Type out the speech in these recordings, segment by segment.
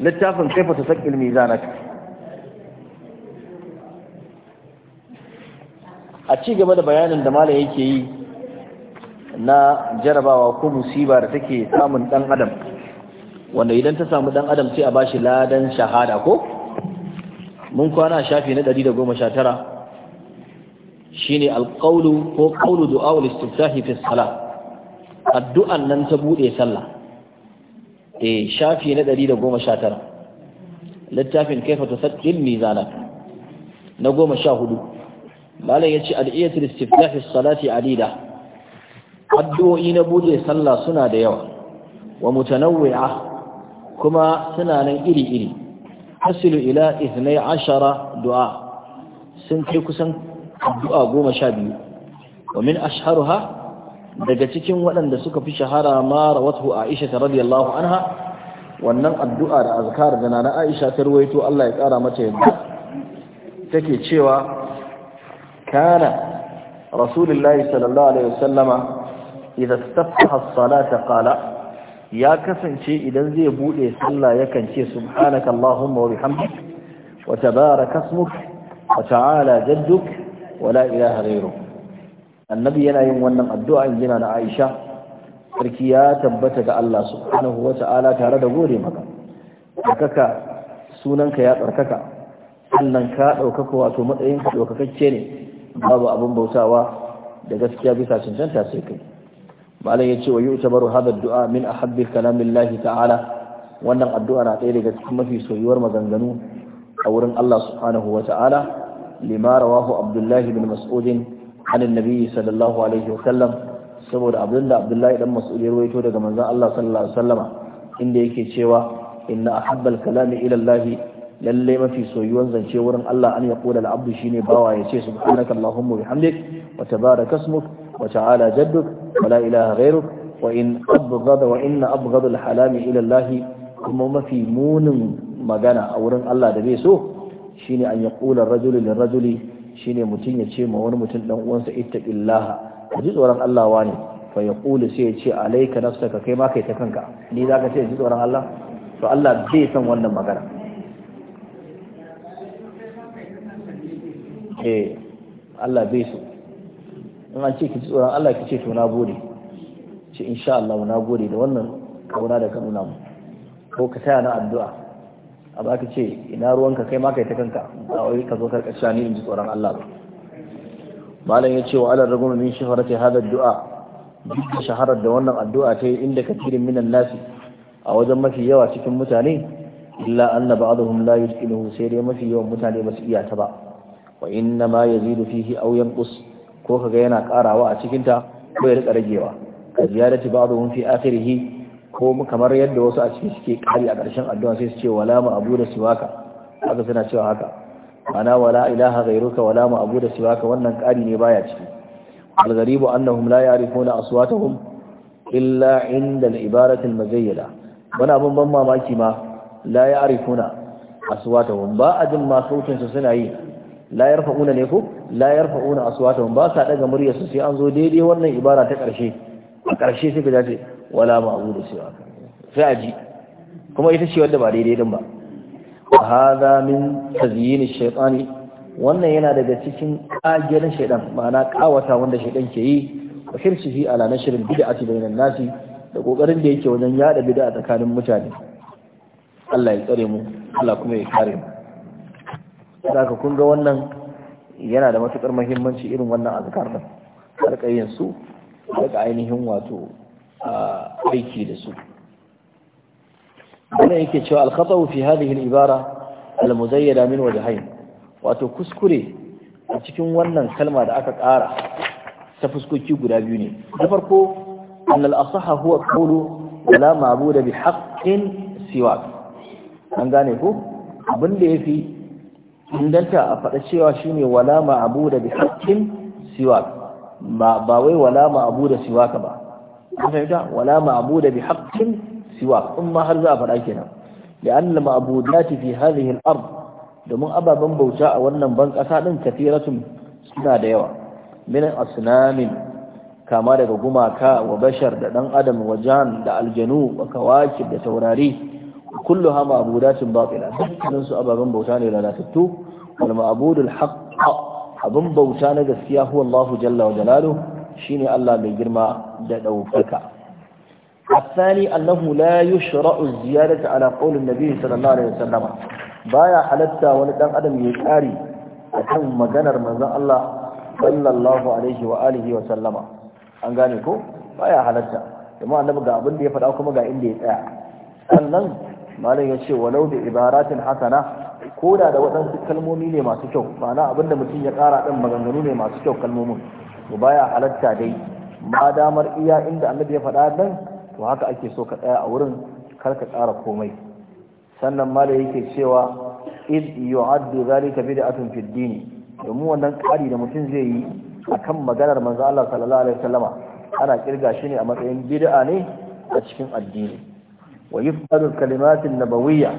littafin kaifa ta sakil mizanak a ci gaba da bayanin da malam yake yi na jarabawa ko musiba da take samun dan adam wanda idan ta samu dan adam sai a bashi ladan shahada ko mun kwana shafi na 119 shine alqawlu ko qawlu du'a wal istiftahi fi salat addu'an nan ta bude sallah eh shafi na ɗari da tara. littafin kaifa tusaddil mizana na 14 malam yace al-iyatul istiftah as-salati alida addu'o'i na buɗe sallah suna da yawa wa mutanawwi'a kuma suna nan iri-iri hasilu ila ashara du'a sun kai kusan addu'a biyu wa min ha? daga cikin waɗanda suka fi shahara ma rawathu Aisha radiyallahu anha wannan addu'a da azkar da nana Aisha ta ruwaito Allah ya kara mata yadda take cewa kana rasulullahi sallallahu alaihi wasallama idan tafaha salata qala ya kasance idan zai bude sallah yakan ce subhanaka allahumma wa bihamdik wa tabaraka ismuk wa ta'ala jadduk wa la ilaha ghayruk annabi yana yin wannan addu'a in yana da aisha sarki ya tabbata ga Allah subhanahu tare da gode maka ɗaukaka sunanka ya tsarkaka sannan ka ɗaukaka wato matsayin ka ne babu abin bautawa da gaskiya bisa cancanta sai kai malam yace wa yu'tabaru hadha ad-du'a min ahabbi kalamillahi ta'ala wannan addu'a na ɗaya daga cikin mafi soyuwar maganganu a wurin Allah subhanahu lima rawahu Abdullahi bin Mas'udin anin nabi sallallahu alaihi wasallam saboda abinda abdullahi dan mas'ud ya rawaito daga manzon Allah sallallahu alaihi wasallama inda yake cewa inna ahabbal kalami ila Allah lalle mafi soyuwan zance wurin Allah an yaqula al-abdu shine bawa yace subhanaka allahumma bihamdik wa tabaraka ismuk wa ta'ala jadduk wa la ilaha ghayruk wa in abghada wa in abghada al-halami ila Allah kuma mafi munin magana a wurin Allah da bai so shine an yaqula ar-rajulu lir-rajuli shine mutum ya ce ma wani mutum dan uwansa ittaqillaha ka ji tsoron Allah wani fa yaqulu sai ya ce alayka nafsaka kai ma kai ta kanka ni zaka ce ji tsoron Allah to Allah bai san wannan magana eh Allah bai so in an ce ki ji tsoron Allah ki ce to na gode ce insha Allah na gode da wannan kauna da ka nuna mu ko ka taya na addu'a abu aka ce ina ruwanka kai ma kai ta kanka ba wai ka zo karka ni in ji tsoron Allah ba malam ya ce wa ala ragum min shaharati hada du'a duk da shaharar da wannan addu'a ta yi inda kathirin minan nasi a wajen mafi yawa cikin mutane illa anna ba'dhum la yutqinuhu sai dai mafi yawan mutane ba su iya ta ba wa inna ma yazidu fihi aw yanqus ko kaga yana karawa a cikin ta ko ya rika ragewa ka ziyarati ba'dhum fi akhirih ko kamar yadda wasu a ciki suke kari a ƙarshen addu'a sai su ce wala ma abu da siwaka haka suna cewa haka ana wala ilaha ghairuka wala ma abu da siwaka wannan kari ne baya ciki al gharibu annahum la ya'rifuna aswatahum illa inda al ibarat al mazayyada wani abun ban mamaki ma la ya'rifuna aswatahum ba ajin ma sautin su suna yi la yarfa'una ne ko la yarfa'una aswatahum ba sa daga muryarsu sai an zo daidai wannan ibara ta ƙarshe a ƙarshe sai ka dace wala ma'budu sai wa sai a ji kuma ita ce wadda ba daidai din ba A haza min tazyin shaytani wannan yana daga cikin na shaidan ma'ana ƙawata wanda shaidan ke yi wa hirshihi ala nashrin bid'ati bainan nasi da kokarin da yake wajen yada bid'a tsakanin mutane Allah ya tsare mu Allah kuma ya kare mu zaka kun ga wannan yana da matukar muhimmanci irin wannan azkar din karkayin daga ainihin wato aiki da su wannan yake cewa alkhatau fi hadhihi al-ibara al-muzayyada min wajhayn wato kuskure a cikin wannan kalma da aka ƙara ta fuskoki guda biyu ne da farko an al-asaha huwa qawlu la ma'budu bi haqqin siwa an gane ko abin da yafi indanta a faɗa cewa shine wala ma'budu bi haqqin siwa ba wai wala ma'abu da ka ba wala ma'abu da bi haqqin siwa in ma har za a faɗa kenan لأن المعبودات في هذه الأرض domin ababen bauta a wannan ban ƙasa ɗin kafiratun suna da yawa minin asnamin kama daga gumaka wa bashar da ɗan adam wa jan da aljanu wa kawaki da taurari kullu ha ma'abudatin baƙila dukkanin su ababen bauta ne lalatattu wal ma'abudul haƙƙa. abin bauta na gaskiya huwa Allahu jalla wa jalalu shine Allah mai girma da daukaka الثاني أنه لا يشرع الزيادة على قول النبي صلى الله عليه وسلم بايا حلتا ولدن أدم يكاري أكم مجنر من ذا الله صلى الله عليه وآله وسلم أنقانيكو بايا حلتا لما أنبقى أبن لي فالأوكم قا إلي إتاع sannan malam ya ce walau da ibaratin hasana ko da da waɗansu kalmomi ne masu kyau ma'ana abinda mutum ya ƙara ɗan maganganu ne masu kyau kalmomin to baya halatta dai ma damar iya inda annabi ya faɗa nan to haka ake so ka tsaya a wurin kar ka ƙara komai sannan ma da yake cewa id yu'addu zalika bid'atun fid din domin wannan ƙari da mutum zai yi akan maganar manzo Allah sallallahu alaihi wasallama ana kirga shi ne a matsayin bid'a ne a cikin addini wa yufadu kalimatin nabawiyya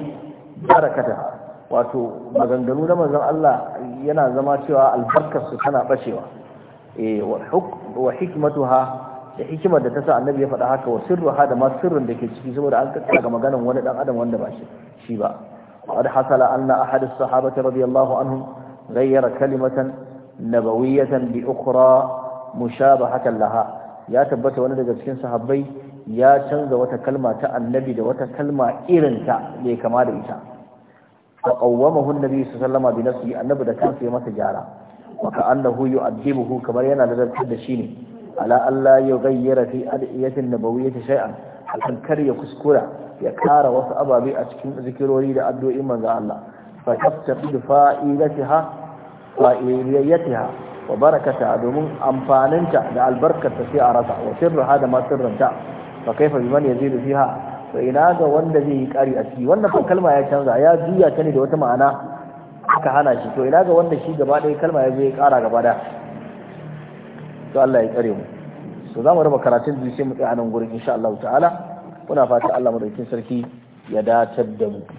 barakataha wato maganganu na manzon Allah yana zama cewa albarkar su tana bacewa eh wa hikmatuha da hikimar da tasa annabi ya faɗa haka wa sirruha da ma sirrin da ke ciki saboda an kakkara ga maganar wani dan adam wanda ba shi shi ba wa hasala anna ahad as-sahabati radiyallahu anhum ghayyara kalimatan nabawiyatan bi ukhra mushabahatan laha ya tabbata wani daga cikin sahabbai ya canza wata kalma ta annabi da wata kalma ta mai kama da ita fa qawwamahu annabi sallallahu alaihi wasallam bi annabi da kansa ya masa gyara wa ka'annahu yu'addibuhu kamar yana ladabtar da shi ne ala Allah ya gayyara fi adiyatin nabawiyyati shay'an akan kar ya kuskura ya kara wasu ababe a cikin zikirori da addu'o'in manzo Allah fa tafsidu fa'idatiha fa'idatiha wa barakata domin amfaninta da albarkarta sai a rasa wa sirruha da ma sirrinta fa kaifa biman yazidu fiha to ina ga wanda zai yi kari a ciki wannan fa kalma ya canza ya juya ta ne da wata ma'ana aka hana shi to ina ga wanda shi gaba ɗaya kalma ya zai ƙara gaba da to Allah ya tsare mu to za mu raba karatun biyu sai mu tsaya nan gurin insha Allah ta'ala muna fata Allah madaukakin sarki ya datar da mu